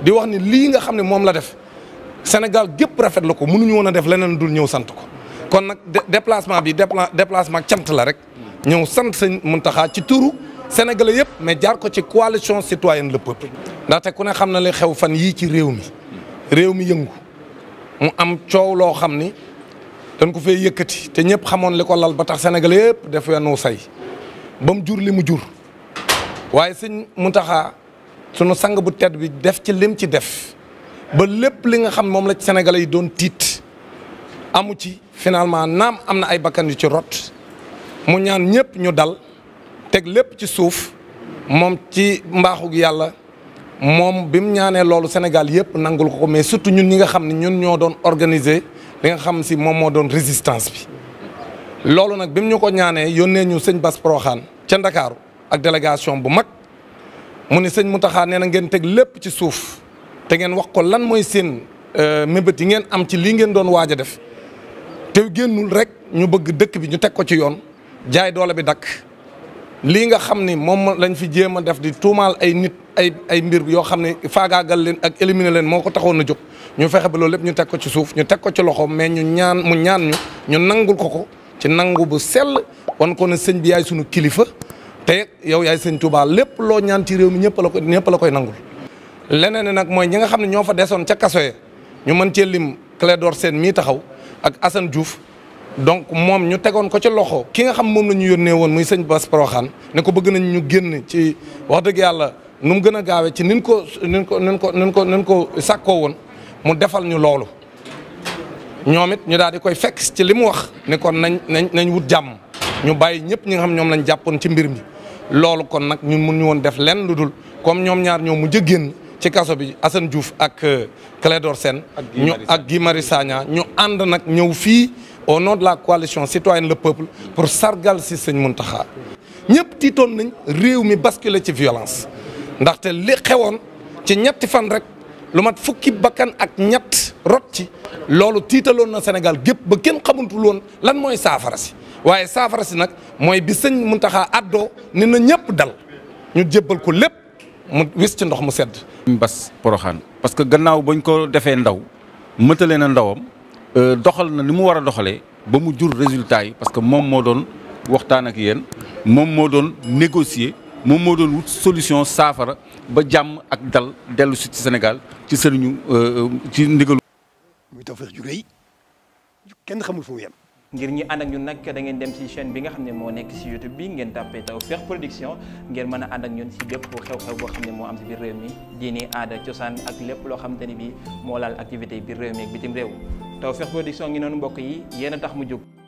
di wax ni lii nga xam ne moom la def Sénégal gépp rafetlu ko mënuñu woon a def leneen dul ñëw sant ko kon nag déplacement bi déplacement cant la rek ñëw sant sëñ Muntaxa ci turu sénégalais yëpp mais jaar ko ci coalition citoyenne le peuple ndaxte ku ne xam na li xew fan yii ci réew mi réew mi yëngu mu am coow loo xam ni dañ ko fee yëkkati te ñëpp xamoon li ko lal ba tax sénégalais yëpp def yenn say ba mu jur li mu jur waaye sëñ Muntaxa sunu sang bu tedd bi def ci lim ci def ba lépp li nga xam moom la ci Sénégalais yi doon tiit amu ci finalement naam am na ay bakkan yu ci rot mu ñaan ñëpp ñu dal teg lépp ci suuf moom ci mbaaxug yàlla moom bi mu ñaanee loolu Sénégal yëpp nangul ko ko mais surtout ñun ñi nga xam ne ñun ñoo doon organiser li nga xam si moom moo doon résistance bi. loolu nag bi mu ñu ko ñaanee yónnee ñu sëñ Bass Proxaan ca Ndakaaru ak délégation bu mag. mu ni sëñ Mountakha nee na ngeen teg lépp ci suuf te ngeen wax ko lan mooy seen euh, mébét yi ngeen am ci lii ngeen doon waaj a def te génnul rek ñu bëgg dëkk bi ñu teg ko ci yoon jaay doole bi dakk lii nga xam ni moom lañ fi jéem a def di tuumaal ay nit ay ay mbir yoo xam ne faagaagal leen ak éliminer leen moo ko taxoon a jóg ñu fexe ba loolu lépp ñu teg ko ci suuf ñu teg ko ci loxo mais ñu ñaan mu ñaan ñu ñu nangul ko ko ci nangu bu sell wan ko ne sëñ bi yaay sunu kilifa. te yow yaay sëñ Touba lépp loo ñaan ci réew mi ñëpp la ko ñëpp la koy nangul leneen nag mooy ñi nga xam ne ñoo fa desoon ca kaso ñu mën cee lim Clédor seen mii taxaw ak Assane Diouf donc moom ñu tegoon ko ci loxo ki nga xam moom la ñu yónnee woon muy sëñ Bass Proxaan ne ko bëgg nañ ñu génn ci wax dëgg yàlla nu mu gën a gaawee ci nin ko nin ko nin ko nin ko nin ko sàkkoo woon mu defal ñu loolu ñoom it ñu daal di koy fekk ci li mu wax ne kon nañ nañ nañ wut jàmm ñu bàyyi ñëpp ñi nga xam ñoom lañ jàppoon ci mbir mi loolu kon nag ñun mun ñu woon def lenn lu dul comme ñoom ñaar ñoo mu jëggéen ci kaso bi Assane Diouf ak euh, Clédor Sène ñu ak Guy Marius Sagna ñu ànd nag ñëw fii au nom la coalition citoyenne le peuple pour sargal si sëñ Mountakha ñëpp tiitoon nañ réew mi basculé ci violence ndaxte li xewoon ci ñetti fan rek lu mat fukki bakkan ak ñett rot ci loolu tiitaloon na Sénégal gépp ba kenn xamantul woon lan mooy saafara si waaye saafara si nag mooy bi sëñ mu Muntaxa àddoo ni na ñëpp dal ñu jébbal ko lépp mu wis ci ndox mu sedd. Mbas Poroxaan parce que gannaaw bañ ko defee ndaw mëtale na ndawam euh, doxal na ni mu war a doxalee ba mu jur résultat yi parce que moom moo doon waxtaan ak yéen moom moo doon négocier moom moo doon wut solution saafara ba jàmm ak dal dellu si ci Sénégal ci sëriñu euh, euh, ci ndigalu. muy Tawfekh kenn xamul fu yem ngir ñi ànd ak ñun nag da dem si chaîne bi nga xam ne moo nekk si YouTube bi ngeen tàppee Tawfekh Production ngeen mën a ànd ak ñun si bépp xew-xew boo xam ne moo am si biir réew mi diini aada cosaan ak lépp loo xamante ni bi moo laal activité biir réew mi ak bitim réew Tawfekh Production ngi noonu mbokk yi yéen a tax mu jóg.